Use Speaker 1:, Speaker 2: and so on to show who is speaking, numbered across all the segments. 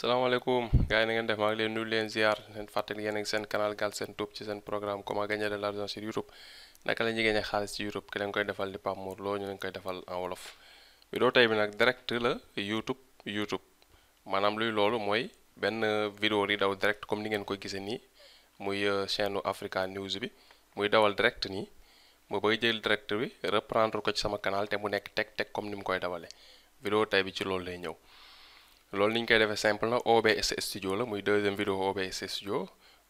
Speaker 1: salaamaaleykum gars yi na ngeen def maa ngi leen nuyu leen ziar leen fàttali yéen ak seen canal Galsen Tube ci seen programme comment a de l'argent sur YouTube naka la ñuy gagner xaalis ci YouTube koy defal di Pape Mor Lo ñu leen koy defal en wolof tey bi nag direct la YouTube YouTube maanaam luy loolu mooy benn vidéo di daw direct comme ni ngeen ko gisee nii muy euh, chaîne Africa News bi muy dawal direct nii mo bay jël direct bi reprendre ko ci sama canal te mu nekk teg teg comme ni mu koy dawale vidéo tey bi ci loolu lay ñëw loolu ni ñu koy defee simple na OBS studio la muy deuxième vidéo OBS studio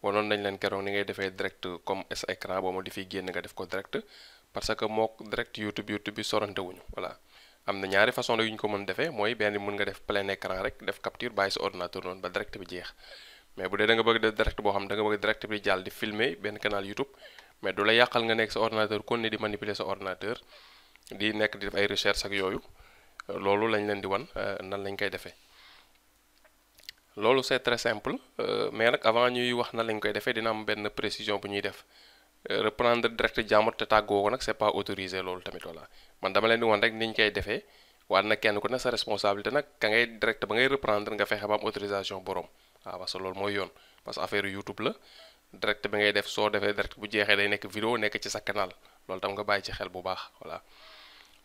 Speaker 1: wanoon nañ leen keroog ni ngay defee direct comme sa écran boo di fiy génn nga def ko direct parce que moo direct YouTube YouTube bi sorante wuñu am na ñaari façon la yu ñu ko mën defee mooy benn mën nga def plein écran rek def capture bàyyi sa ordinateur noonu ba direct bi jeex mais bu dee da nga bëgg def direct boo xam da nga bëgg direct bi jàll di filmer benn canal YouTube mais du nekk sa ordinateur kon di manipuler sa di nekk di def ay recherche ak yooyu loolu lañ leen di wan euh, nan lañ koy loolu c'est très simple euh, mais nag avant ñuy wax na lañ koy defee dina am benn précision bu ñuy def euh, reprendre direct jaamur te tàggoo ko nag c'est pas autorisé loolu tamit voilà man dama leen di woon rek ni ñu koy defee waaye nag kenn ku ne sa responsabilité nag ka ngay direct ba ngay reprendre nga fexe ba am autorisation borom waaw ah, parce loolu mooy yoon parce que affaire YouTube la direct bi ngay def soo defee direct bu jeexee day nekk vidéo nekk ci sa loolu tam nga bàyyi ci xel bu baax voilà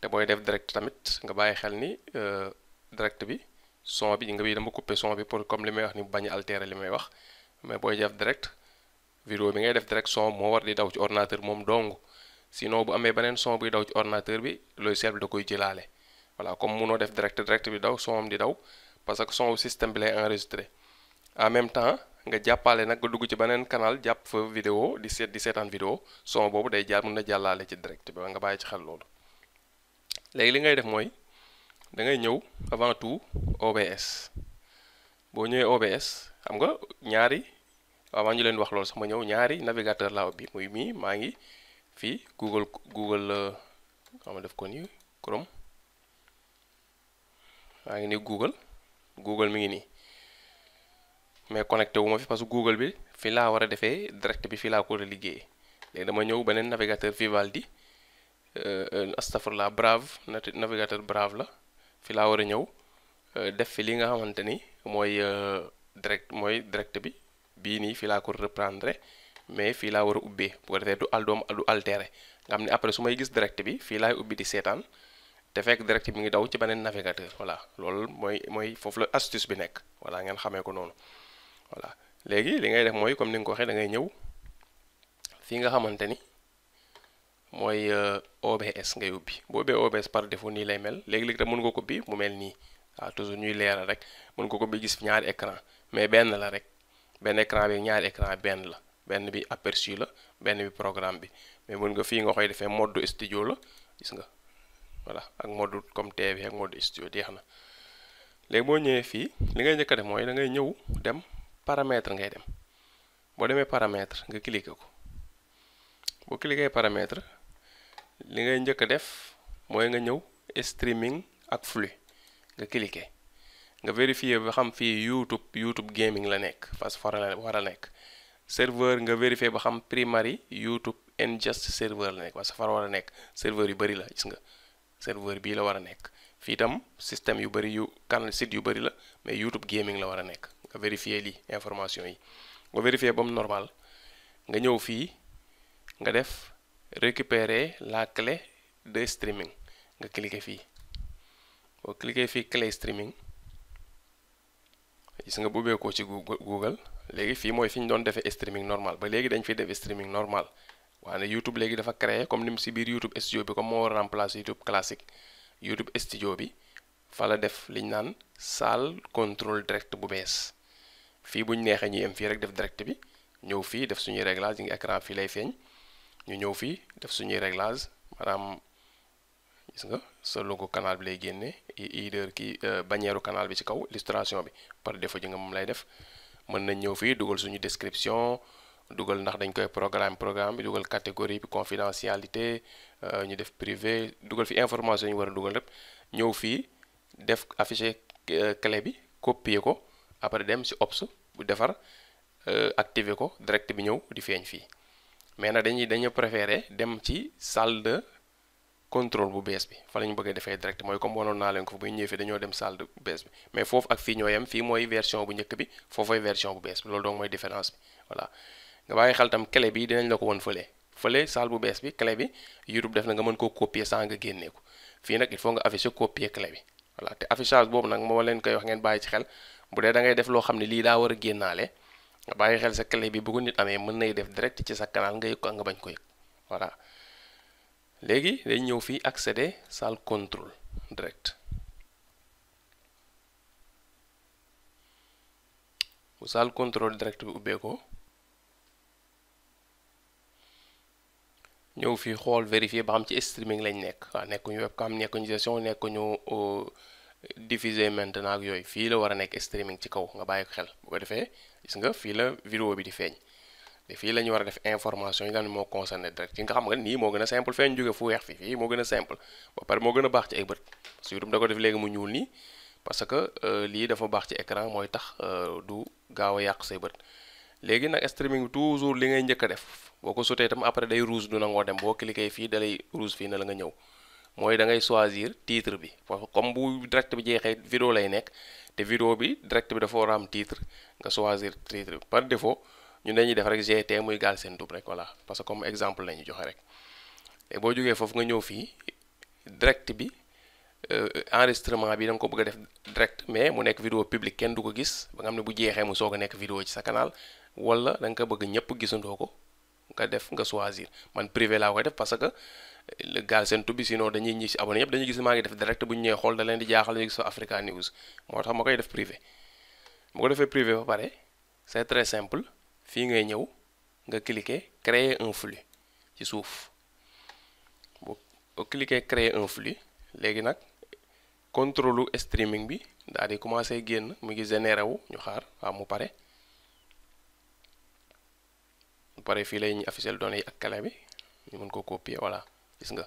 Speaker 1: te booy def direct tamit nga bàyyi xel ni euh, direct bi. son bi nga bi dama couper son bi pour comme li may wax ni bañ a altérer li may wax mais booy def direct vidéo bi ngay def direct son moo war di daw ci ordinateur moom dong sinon bu amee beneen son buy daw ci ordinateur bi logiciel seet da koy jëlaale voilà comme munoo def direct direct bi daw son am di daw parce que son système bi lay enregistré en même temps nga jàppale nag nga dugg ci beneen canal jàpp fa vidéo di seet di seetaan vidéo son boobu day jaar mën na jàllaale ci direct bi nga bàyyi ci xel loolu léegi li ngay def mooy. da ngay ñëw avant tout OBS boo ñëwee OBS xam nga ñaari avant ñu leen wax loolu sama ñëw ñaari navigateur laa ubbi muy mii maa ngi fii Google Google euh, xam def ko nii Chrome maa ngi ni Google Google mi ngi nii mais connecté wu fi parce que Google bi fii laa war a defee direct bi fii laa ko war a léegi dama ñëw beneen navigateur Vivaldi euh, euh, astafurlah Brave navigateur Brave la. fi laa war a ñëw euh, def fi li nga xamante ni mooy euh, direct mooy direct bi bii nii fi laa ko reprendre mais fii laa war a ubbee bu ko defee du al doom du altéré nga xam ne après su may gis direct bi fii laay ubbi di seetaan te fekk direct bi ngi daw ci beneen navigateur voilà lool mooy mooy foofu la astuce bi nekk voilà ngeen xamee ko noonu voilà léegi li ngay def mooy comme ni nga ko waxee da ngay ñëw fii nga xamante ni mooy euh, OBS ngay ubbi boo ubbee OBS par defoo nii lay mel léegi-léegi tam mën nga ko bii mu mel nii waaw toujours ñuy leeral rek mën nga ko ubbi gis ñaari ecran mais benn la rek benn écran bi ñaari écran benn la benn bi aperçu la benn bi programme bi mais mën nga fii nga koy defee mode studio la gis nga voilà ak mode comme TV ak mode studio jeex na léegi boo ñëwee fii li ngay njëkk a def mooy da ngay ñëw dem paramètre ngay dem boo demee paramètre nga cliquer ko boo cliquer paramètre li ngay njëkk a def mooy nga ñëw streaming ak flux nga cliquer nga vérifier ba xam fii YouTube YouTube gaming la nekk parce que fa war a nekk serveur nga vérifier ba xam primary YouTube and just serveur la nekk parce que fa war a nekk serveur yu bëri la gis nga serveur bii la war a nekk fii itam système yu bëri yu canal site yu bëri la mais YouTube gaming la war a nekk nga vérifier lii information yi nga vérifier ba mu nga ñëw fii nga def récupérer la clé de streaming nga cliquer fii boo cliquer fii clé streaming gis nga bu ubbeekoo ci Google léegi fii mooy fi doon defee streaming normal ba léegi dañ fi def streaming normal waane YouTube léegi dafa créé comme ni mu si biir YouTube studio bi comme moo war a remplacer YouTube classique YouTube studio bi fa la def liñ naan salle contrôle direct bu bees fii buñ neexee ñuy am fii rek def direct bi ñëw fii def suñuy réglage yi ngi fii lay feeñ ñu ñëw fii def suñuy réglage maanaam gis nga sa logo kanaal bi lay génne header kii euh, bannière kanaal bi ci kaw illustration bi par défaut ji nga moom lay def mën nañ ñëw fii dugal suñu description dugal ndax dañ koy programme programme bi dugal catégorie bi confidentialité euh, ñu def privé dugal fi information ñu war a dugal lépp ñëw fii def afficher euh, clé bi copier ko après dem ci ops bu defar activer ko direct bi ñëw di feeñ fii mais na dañuy dañu préféré dem ci salle de contrôle bu bees bi fa la ñu bëgg a defee direct mooy comme wanoon naa leen ko bu ñëwee fii dañoo dem salle de bu bees bi mais foofu ak fi ñoo yem fii mooy version bu njëkk bi foofay version bu bees bi loolu donc mooy différence bi voilà nga bàyyi xel tam clé bi dinañ la ko woon fële fële salle bu bees bi clé bi YouTube def na nga mën koo copier sans nga génnee ko fii nag il faut nga afficher copier clé bi boobu nag moo leen koy wax ngeen bàyyi ci xel bu dee da ngay def loo xam ne lii daa war a nga bàyyi xel sa clé bi bu ko nit amee mën nay def direct ci sa canal nga yëg ko nga bañ ko yëg voilà léegi dañ ñëw fii accéder salle contrôle direct bu salle contrôle direct bi ubbee ko ñëw fii xool vérifier ba xam ci streaming lañ nekk waaw nekkuñu webcam nekkuñu gestion nekkuñu euh, diffuser maintenant ak yooyu fii la war a nekk streaming ci kaw nga bàyyi ko xel bu ko defee gis nga fii la vidéo bi di feeñ te fii la ñu war a def information yi nga xam ne moo concerné direct yi nga xam nii moo gën a simple feeñ jóge fu weex fi fii moo gën a simple ba pare moo gën a baax ci ay bët su YouTube da ko def léegi mu ñuul nii parce que euh, lii dafa baax ci écran mooy tax euh, du gaaw a yàq say bët léegi nag streaming bi toujours li ngay njëkk def boo ko sotee itam après day rouge du nangoo dem boo cliquer fii dalay rouge fii na la nga ñëw mooy da ngay choisir titre bi parce comme bu direct bi jeexee vidéo lay nekk te vidéo bi direct bi dafa war a am titre nga choisir titre bi par ñu ne ñu def rek GT muy Galsen Tube rek voilà parce que comme exemple la ñu joxe rek te boo jógee foofu nga ñëw fii direct bi euh, enregistrement bi da nga ko bëgg def direct mais mu nekk vidéo publique kenn du ko gis ba nga xam ne bu jeexee mu soog a nekk vidéo ci sa kanaal wala da nga ko bëgg ñëpp gisandoo ko nga def nga choisir man privé laa koy parce que. Galsen Tube bi sinon dañuy ñi si abonné yëpp dañuy gis maa ngi def direct bu ñu ñëwee xool da leen di jaaxal ñu gis Africa News moo tax ma koy def privé mu ko defee privé ba pare c'est très simple fii ngay ñëw nga cliquer créer un flux ci suuf bu cliquer créer un flux léegi nag contrôle streaming bi daal di commencé génn mu ngi généré wu ñu xaar waaw mu pare mu pare fii lay ñu afficher données yi ak clé bi ñu mën ko copier voilà gis nga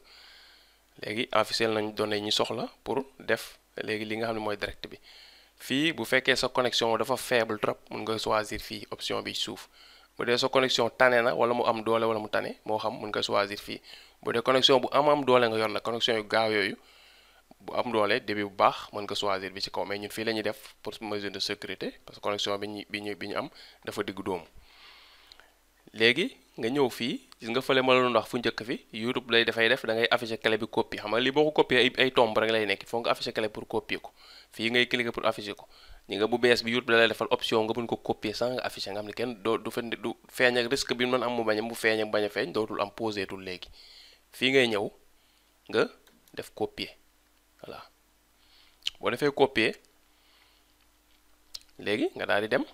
Speaker 1: léegi officiel nañ données yi ñu soxla pour def léegi li nga xam ne mooy direct bi fii bu fekkee sa connexion dafa faible trop mun nga choisir fii option bi suuf bu dee sa connexion tane na wala mu am doole wala mu tane moo xam mun nga choisir fii bu dee connexion bu am am doole nga yor na connexion yu gaaw yooyu bu am doole début bu baax mën nga choisir bi ci kaw mais ñun fii la ñuy def pour mesure de sécurité parce que connexion bi ñu bi ñu bi ñu am dafa digg dóomu nga ñëw fii gis nga fële ma la doon wax fu njëkk fi YouTube lay dafay def dangay ngay afficher bi copie xam nga li boo ko copier ay ay tomb rek lay nekk il faut nga afficher clé pour copier ko fii ngay cliquer pour afficher ko ñi nga bu bees bi YouTube da lay defal option nga mën ko copier sans nga afficher nga xam ne kenn doo du fa du feeñ ak risque bi mën am mu bañ bu feeñ ak bañ a feeñ dootul am posé tul léegi fii ngay ñëw nga def copier voilà boo defee copier léegi nga daal di dem.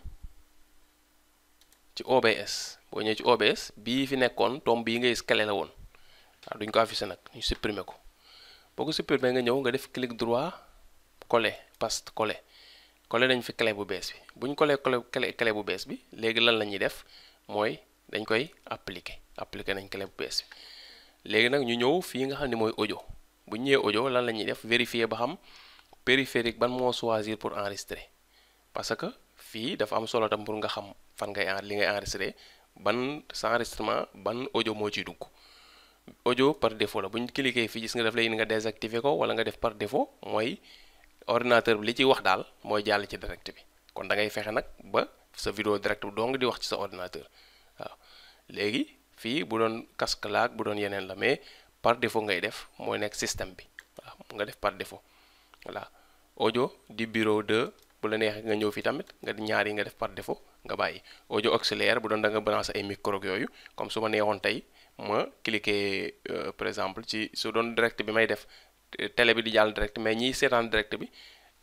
Speaker 1: ci OBS boo ñëwee ci OBS bii fi nekkoon tomb bii ngay scalé la woon waaw duñ ko affiché nag ñu supprimer ko boo ko supprimer nga ñëw nga def clic droit coller paste coller coller dañ fi clé bu bees bi bu ñu coller clé clé bu bees bi léegi lan la ñuy def mooy dañ koy appliquer appliquer nañ clé bu bees bi léegi nag ñu ñëw fii nga xam ne mooy audio bu ñu ojo audio lan la ñuy def vérifier ba xam périphérique ban moo choisir pour enregistrer parce que fii dafa am solo tam pour nga xam fan ngay en li ban sa enregistrement ban ojo moo ciy dugg audio par défaut la bu ñu cliquer fii gis nga daf lay nga désactiver ko wala nga def par défaut mooy ordinateur bi li ciy wax daal mooy jàll ci direct bi kon da ngay fexe nag ba sa vidéo direct bi dong di wax ci sa ordinateur waaw léegi fii bu doon casque laag bu doon yeneen la mais par défaut ngay def mooy nekk système bi waaw nga def par défaut voilà audio du bureau bu la neexee nga ñëw fi tamit nga ñaar yi nga def par défaut nga bàyyi audio auxiliaire bu doon da nga branché ay micro yooyu comme su ma neexoon tey ma cliquer euh, par exemple si su doon direct bi may def télé bi di jàll direct mais ñiy seetaan direct bi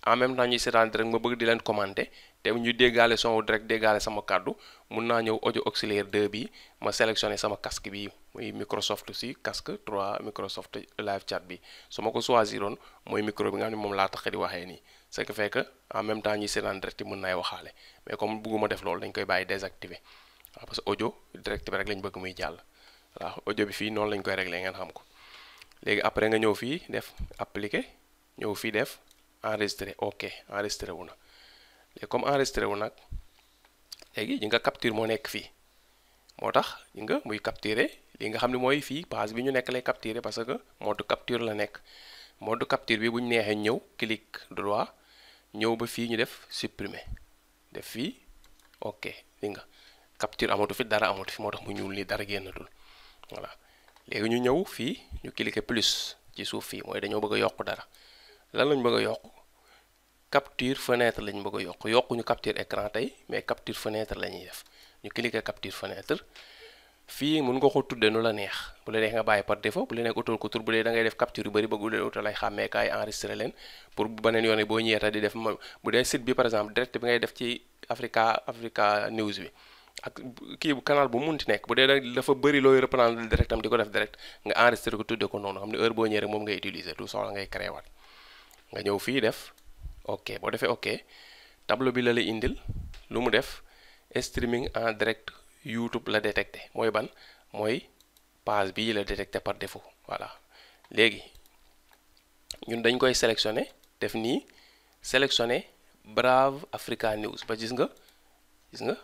Speaker 1: en même temps ñuy seetaan direct ma bëgg di leen commenter te ñu déggaale son wu direct déggaale sama kàddu mun naa ñëw ojo auxiliaire 2 bi ma sélectionné sama casque bi muy Microsoft si casque 3 Microsoft live chat bi su ma ko choisiroon mooy micro bi nga xam ne moom laa tax di waxee nii ce qui fait en même temps ñuy seetaan direct mën naay waxaale mais comme bëgguma def loolu dañ koy bàyyi désactivé waaw parce que ojo direct bi rek lañ bëgg muy jàll waaw audio bi fii noonu lañ koy réglé ngeen xam ko léegi après nga ñëw fii def appliqué ñëw fii def enregistré ok enregistré wu na léegi comme enregistré wu nag léegi ñi nga capture moo nekk fii moo tax ñi nga muy capturer li nga xam ne mooy fii page bi ñu nekk lay capturer parce que mode capture la nekk mode capture bi bu ñu neexee ñëw clic droit ñëw ba fii ñu def supprimer def fii ok li nga capture amatu fi dara amatu fi moo tax mu ñuul nii dara génnatul voilà léegi ñu ñëw fii ñu cliquer plus ci suuf fii mooy dañoo bëgg a yokk dara lan lañu bëgg yokk capture fenêtre lañ bëgg a yokk yokkuñu capture écran tey mais capture fenêtre la def ñu cliquer capture fenêtre fii mun nga ko tuddee nu la neex bu la neex nga bàyyi par défaut bu la def capture yu bëri bëggu leen utal ay xàmmeekaay enregistré leen pour bu beneen yoon boo ñëwee tax di def bu dee site bi par exemple direct bi ngay def ci Africa Africa News bi ak kii bu canal bu munti nekk bu dee dafa bëri looy reprendre di ko nga enregistré ko tuddee ko noonu xam ne heure boo ñëwee rek moom ngay utiliser nga ñëw fii def ok boo defee ok tableau bi la la indil lu mu def streaming en direct YouTube la détecté mooy ban mooy page bi la détecté par défaut voilà léegi ñun dañ koy sélectionné def nii sélectionné Brave Africa News ba gis nga gis nga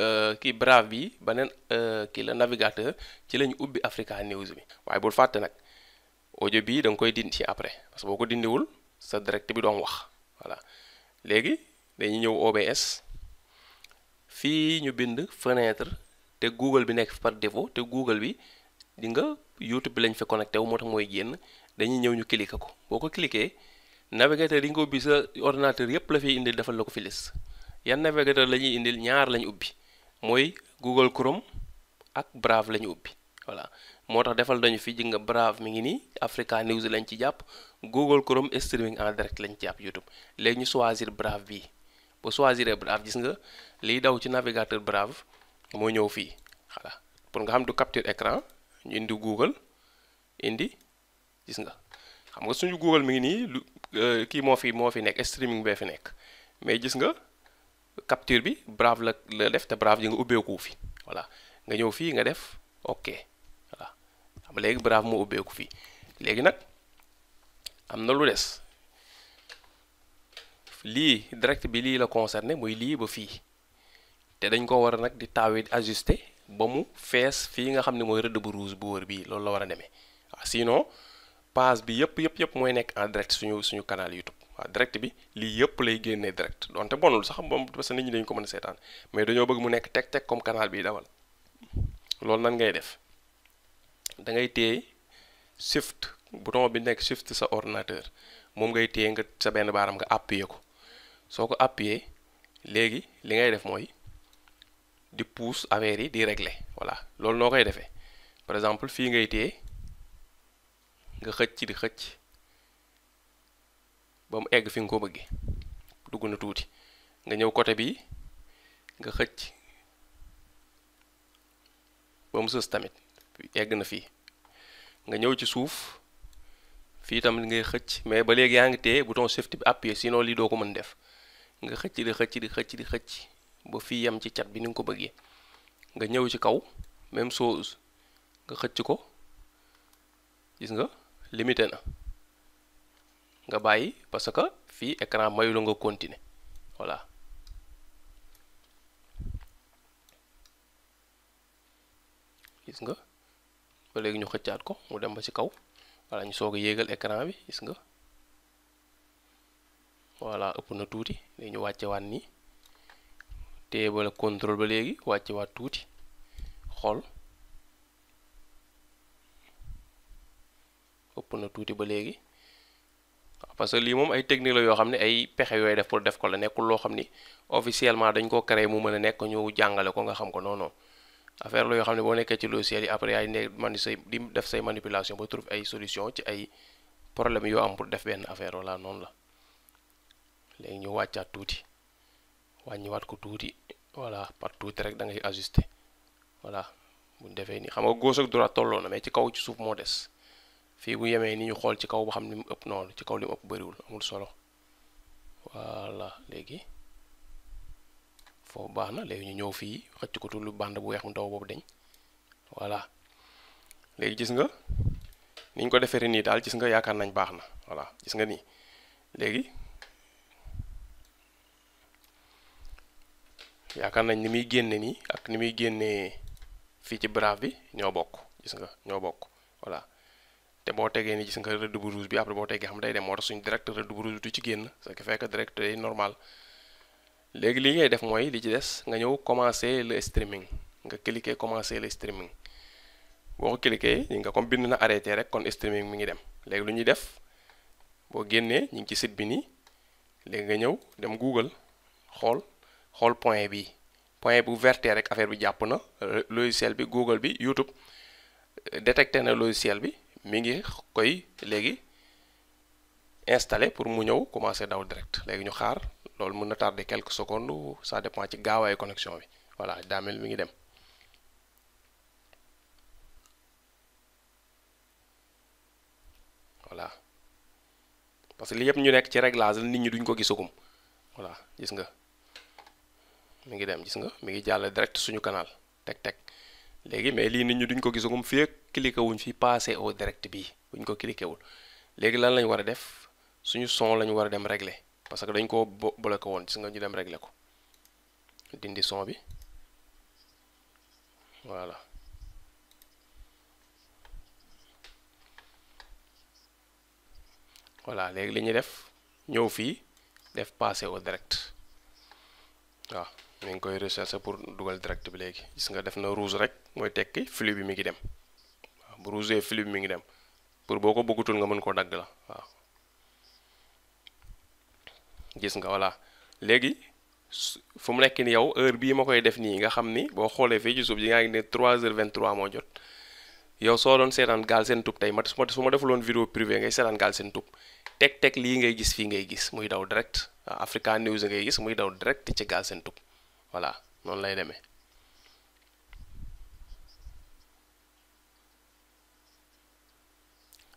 Speaker 1: euh, kii Brave bi beneen euh, kii la navigateur ci lañu ubbi Africa News bi waaye bul fàtte nag audio bii da koy dindi ci après parce que boo ko dindiwul sa direct bi doon wax voilà léegi dañuy ñëw OBS fii ñu bind fenêtre te Google bi nekk par défaut te Google bi di nga YouTube bi lañ fa connecté wu moo tax mooy génn dañuy ñëw ñu cliqué ko boo ko cliqué navigateur yi nga ubbi sa ordinateur yépp la fiy indi defal la ko fi liste yan navigateur la ñuy indil ñaar lañu ubbi mooy Google Chrome ak Brave lañu ñu ubbi voilà moo tax defal dañu fi jig nga brave mi ngi nii Africa News lañ ci jàpp Google Chrome streaming en direct lañ ci jàpp YouTube léegi ñu choisir brave bii bu choisir brave gis nga liy daw ci navigateur brave moo ñëw fii pour nga xam du capture ecran ñu indi Google indi gis nga xam nga suñu Google mi ngi nii lu euh, kii moo fi moo fi nekk streaming bee fi nekk mais gis nga capture bi brave la la def te brave ji nga ubbeeku fi voilà nga ñëw fii nga def ok. léegi brave moo ubbeeku fii léegi nag am na lu des lii direct bi lii la concerné muy lii ba fii te dañ koo war a nag di taawee di ajusté ba mu fees fii nga xam ne mooy rëdd bu rouge bu wër bii loolu la war a demee waaw sinon page bi yëpp yëpp yëpp mooy nekk en direct suñu suñu canal YouTube waaw direct bi lii yëpp lay génnee direct donte bonul sax moom parce que nit ñi dañu ko mën a seetaan mais dañoo bëgg mu nekk teg teg comme kanaal bi dawal loolu nan ngay def da ngay téye shift bouton bi nekk shift sa ordinateur moom ngay téye nga sa benn baaram nga appuyer ko soo ko appuyer léegi li ngay def mooy di pousse affaire yi di régler voilà loolu noo koy defee par exemple fii ngay téye nga xëcc di xëcc ba mu egg fi nga ko bëgge dugg na tuuti nga ñëw côté bii nga xëcc ba mu sës tamit yegg na fii nga ñëw ci suuf fii tam li ngay xëcc mais ba léegi yaa ngi téye bouton shift bi appuyé sinon li doo ko mën def nga xëcc di xëcc di xëcc di xëcc ba fii yem ci cat bi ni nga ko bëggee nga ñëw ci kaw même chose nga xëcc ko gis nga limité na nga bàyyi parce que fii écran mayu nga continuer voilà gis nga léegi ñu xëccaat ko mu dem ba ci kaw voilà ñu soog a yéegal écran bi gis nga voilà ëpp na tuuti léegi ñu wàcce waat nii téye ba la contrôle ba léegi wàcce waat tuuti xool ëpp na tuuti ba léegi parce que lii moom ay technique la yoo xam ne ay pexe yooyu def pour def ko la nekkul loo xam ni officiellement dañ koo créé mu mën a nekk ñëw jàngale ko nga xam ko non affaire la yoo xam ne boo nekkee ci logiciel yi après yaay ne man say di def say manipulation ba trouve ay solution ci ay problème yoo am pour def benn affaire wala noonu la léegi ñu wàccaat tuuti wàññiwaat ko tuuti voilà part tuuti rek dangay ngay ajuster voilà buñ defee nii xam nga gauche ak droite tolloo na mais ci kaw ci suuf moo des fii bu yemee ni ñu xool ci kaw ba xam ni mu ëpp noonu ci kaw li mu ëpp bëriwul amul solo voilà léegi foofu baax na léegi ñu ñëw fii xëcc ko tullu bande bu weex mu ndaw boobu dañ voilà léegi gis nga ni ñu ko deferee nii daal gis nga yaakaar nañ baax na voilà gis nga nii léegi yaakaar nañ ni muy génne nii ak ni muy génnee fii ci brave bi ñoo bokk gis nga ñoo bokk voilà te boo tegee ni gis nga rëdd bu rouge bi après boo tegee xam day dem moo tax suñu direct rëdd bu rouge du ci génn ce qui fait que direct day normal léegi li ngay def mooy li ci des nga ñëw commencer le streaming nga cliquer commencer le streaming boo ko cliquer ñu nga comme bind na arrêté rek kon streaming mu ngi dem léegi lu ñuy def boo génnee ñu ngi ci site bi nii léegi nga ñëw dem Google xool xool point bi point bu verte rek affaire bi jàpp na logiciel bi Google bi YouTube détecté na logiciel bi mi ngi koy léegi installé pour mu ñëw commencer daw direct léegi ñu xaar. loolu mën na tardé quelques secondes ça dépend ci gaawaayu connexion bi voilà daa mu ngi dem voilà parce que li yëpp ñu nekk ci réglage nit ñi duñ ko gisagum voilà gis nga mu ngi dem jis nga mi ngi jàll direct suñu canal teg teg léegi mais lii nit ñi duñ ko gisagum fii ak cliqué wuñ fi passé au direct bii buñ ko cliqué wul léegi lan lañu war a def suñu son lañu war a dem régler parce que dañ ko bloqué woon gis nga ñu dem régler ko dindi son bi voilà voilà léegi li ñuy def ñëw fii def passer au direct waaw mi koy rechercher pour dugal direct bi léegi gis nga def na rouge rek mooy tekk flux bi mi ngi dem waaw bu rouge flux bi mi ngi dem pour boo ko bëggutul nga mën ko dagg la waaw gis nga voilà léegi fu mu nekk ni yow heure bii ma koy def nii nga xam ni boo xoolee fii ci suuf ji ngaa ngi ne 3 heures 23 moo jot yow soo doon seetaan Galsen Tube tey ma su ma defuloon vidéo privé ngay seetaan Galsen Tube teg teg lii ngay gis fii ngay gis muy daw direct ah, Africa News ngay gis muy daw direct ci Galsen Tube voilà noonu lay deme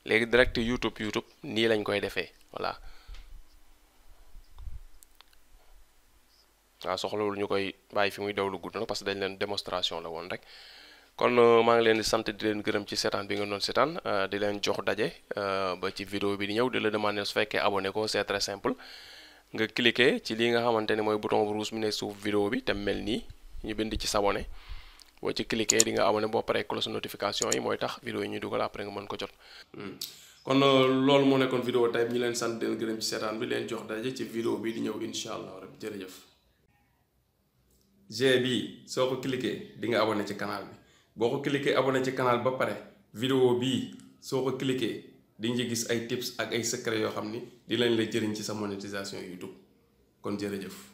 Speaker 1: léegi direct YouTube YouTube nii lañ koy defee voilà. waaw soxlawul ñu koy bàyyi fi muy daw lu gudd nag parce que dañ leen démonstration la woon rek kon euh, maa ngi leen sant di leen gërëm ci seetaan bi nga doon seetaan euh, di leen jox daje euh, ba ci vidéo bi di ñëw di la demander su fekkee abonné ko c'est très nga cliquer ci lii nga xamante ne mooy bouton bu rouge mu ne suuf bi te mel nii ñu bind ci s'abonner boo ci cliquer di nga abonné boo paree close notification yi mooy tax vidéo yi ñuy après nga mën ko jot. Hmm. kon loolu moo nekkoon vidéo tey ñu leen sant di leen gërëm jox daje ci vidéo bi di ñëw incha allah rek jërëjëf. G bii soo ko cliquer di nga na ci canal bi boo ko cliquer na ci canal ba pare vidéo bii soo ko cliquer di nga gis ay tips ak ay secret yoo xam ni di lañ la jëriñ ci sa yuy YouTube kon jërëjëf.